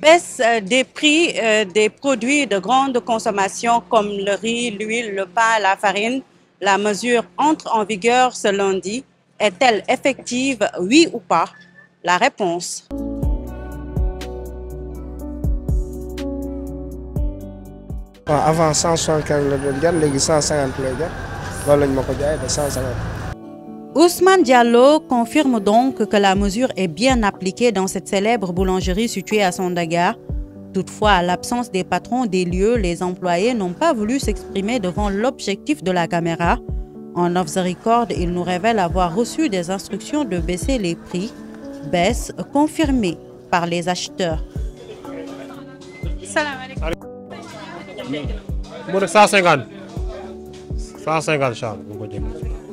baisse euh, des prix euh, des produits de grande consommation comme le riz, l'huile, le pain, la farine. La mesure entre en vigueur ce lundi. Est-elle effective, oui ou pas La réponse. Avant 175 le doon jar 150 lay jar lañ 150. Ousmane Diallo confirme donc que la mesure est bien appliquée dans cette célèbre boulangerie située à Sandaga. Toutefois, à l'absence des patrons des lieux, les employés n'ont pas voulu s'exprimer devant l'objectif de la caméra. En off the record, ils nous révèle avoir reçu des instructions de baisser les prix, baisse confirmée par les acheteurs. Salam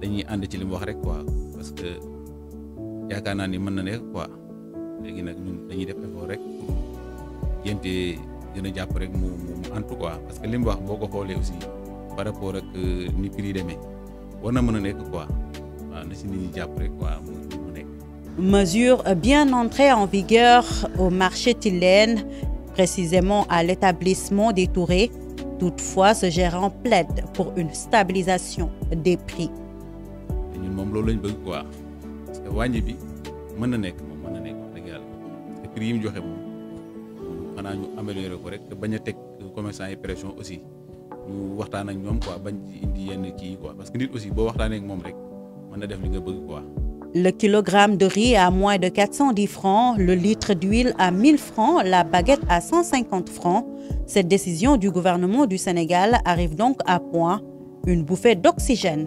dañuy ànd ci li mu wax rek quoi parce que yaakaar naa ni mën na nekk quoi léegi nag ñun dañuy def effort rek pour jéem gën a jàpp rek mu mu antu quoi parce que li mu wax boo ko xoolee aussi par rapport ak euh, ni prix demee war na mën a nekk quoi waaw na si nit ñi jàpp rek quoi mu mu nekk. Mesure bien entrée en vigueur au marché Tilène, précisément à l'établissement des Touré. Toutefois, ce gérant plaide pour une stabilisation des prix te ñun moom loolu lañ bëgg quoi parce que wàññi bi mën na nekk moom mën na nekk wax dëgg yàlla te prix yi mu joxe moom xanaa ñu amélioré ko rek te bañ a teg commerçant yi pression aussi ñu waxtaan ak ñoom quoi bañ indi yenn kii quoi parce que nit aussi boo waxtaanee ak moom rek mën na def li nga bëgg quoi. Le kilogramme de riz à moins de 410 francs, le litre d'huile à 1000 francs, la baguette à 150 francs. Cette décision du gouvernement du Sénégal arrive donc à point, une bouffée d'oxygène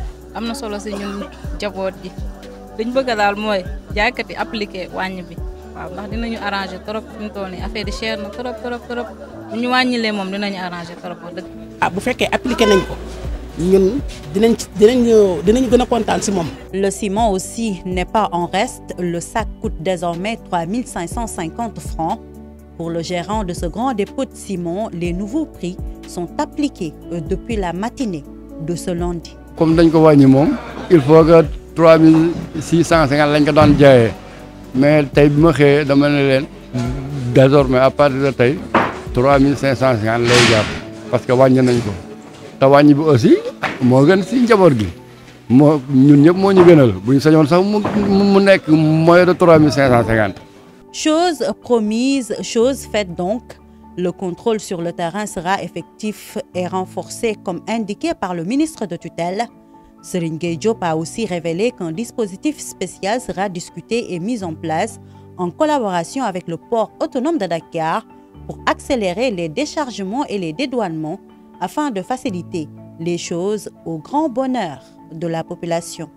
amna solo si ñun jaboot gi dañ bëgg daal mooy jaaykat yi appliqué wàññi bi waaw ndax dinañu arrangé trop fi mu toll nii affaire yi cher na trop trop trop ñu wàññilee moom dinañu arrangé trop wax dëgg. ah bu fekkee appliqué nañ ko. Le ciment aussi n'est pas en reste. Le sac coûte désormais 3550 francs. Pour le gérant de ce grand dépôt de ciment, les nouveaux prix sont appliqués euh, depuis la matinée de ce lundi. comme dañ ko wàññi moom il faut que trois mille six cent cinquante lañ ko daan jaayee mais tey bi ma xëyee dama ne leen désormais à partir de tey trois mille cinq cent cinquante lay jàpp parce que wàññi nañ ko te wàññi bi aussi moo gën si njaboot gi moo ñun ñëpp moo ñu gënal bu ñu sañoon sax mu mu nekk moyen de trois mille cinq cent cinquante. chose promise chose faite donc. Le contrôle sur le terrain sera effectif et renforcé comme indiqué par le ministre de tutelle. Seringue Diop a aussi révélé qu'un dispositif spécial sera discuté et mis en place en collaboration avec le port autonome de Dakar pour accélérer les déchargements et les dédouanements afin de faciliter les choses au grand bonheur de la population.